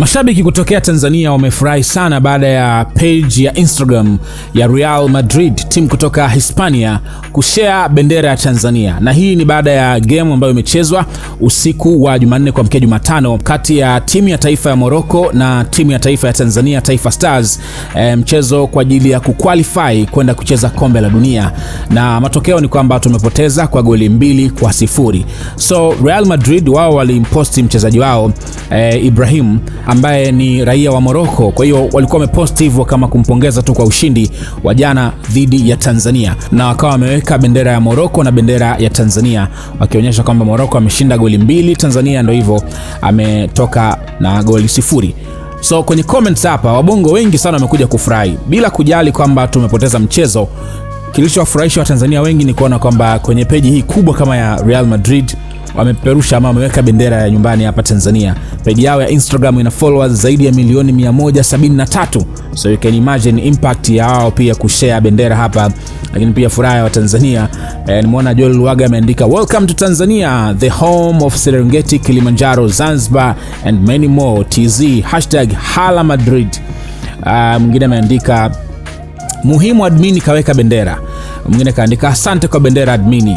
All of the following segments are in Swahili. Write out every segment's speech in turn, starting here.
Mashabiki kutokea Tanzania wamefurahi sana baada ya page ya Instagram ya Real Madrid, timu kutoka Hispania, kushare bendera ya Tanzania, na hii ni baada ya game ambayo imechezwa usiku wa Jumanne mkia Jumatano kati ya timu ya taifa ya Morocco na timu ya taifa ya Tanzania, Taifa Stars, e, mchezo kwa ajili ya kuqualify kwenda kucheza kombe la dunia, na matokeo ni kwamba tumepoteza kwa goli mbili kwa sifuri. So Real Madrid wao walimposti mchezaji wao e, Ibrahim ambaye ni raia wa Morocco. Kwa hiyo walikuwa wameposti hivyo kama kumpongeza tu kwa ushindi wa jana dhidi ya Tanzania, na wakawa wameweka bendera ya Morocco na bendera ya Tanzania wakionyesha kwamba Morocco ameshinda goli mbili, Tanzania ndio hivyo ametoka na goli sifuri. So kwenye comments hapa wabongo wengi sana wamekuja kufurahi bila kujali kwamba tumepoteza mchezo. Kilichowafurahisha Watanzania wengi ni kuona kwamba kwenye peji hii kubwa kama ya Real Madrid wamepeperusha ama wameweka bendera ya nyumbani hapa Tanzania. Peji yao ya Instagram ina followers zaidi ya milioni 173, so you can imagine impact ya wao pia kushare bendera hapa, lakini pia furaha ya Watanzania. E, nimeona Joel Luaga ameandika welcome to Tanzania the home of Serengeti, Kilimanjaro, Zanzibar and many more TZ hashtag #hala Madrid. Uh, mwingine ameandika muhimu admin kaweka bendera mwingine kaandika asante kwa bendera admini.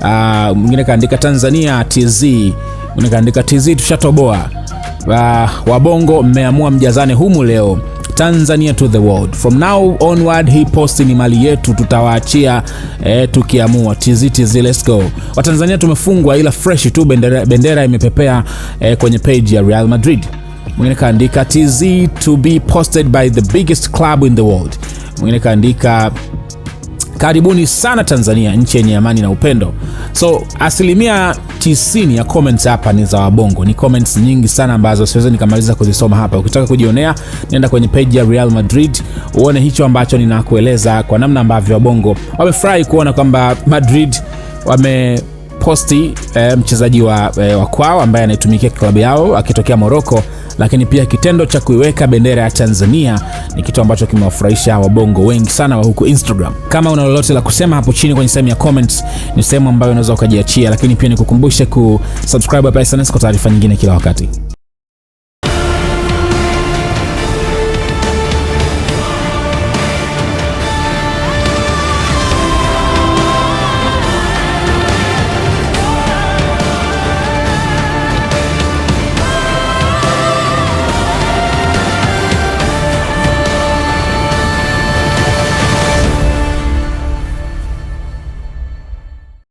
Uh, mwingine kaandika Tanzania TZ, mwingine kaandika TZ tushatoboa. Uh, ah, wabongo mmeamua mjazane humu leo. Tanzania to the world from now onward, hii posti ni mali yetu, tutawaachia eh, tukiamua. TZ let's go. Watanzania tumefungwa ila fresh tu, bendera, bendera imepepea eh, kwenye page ya Real Madrid. Mwingine kaandika TZ to be posted by the biggest club in the world. Mwingine kaandika Karibuni sana Tanzania, nchi yenye amani na upendo. So asilimia 90 ya comments hapa ni za Wabongo, ni comments nyingi sana ambazo siwezi nikamaliza kuzisoma hapa. Ukitaka kujionea, nenda kwenye page ya Real Madrid uone hicho ambacho ninakueleza kwa namna ambavyo Wabongo wamefurahi kuona kwamba Madrid wame ameposti eh, mchezaji wa, eh, wa kwao ambaye anaitumikia klabu yao akitokea moroko lakini pia kitendo cha kuiweka bendera ya Tanzania ni kitu ambacho kimewafurahisha wabongo wengi sana wa huku Instagram. Kama una lolote la kusema hapo chini kwenye sehemu ya comment ni sehemu ambayo unaweza ukajiachia, lakini pia nikukumbushe kusubscribe hapa SnS kwa taarifa nyingine kila wakati.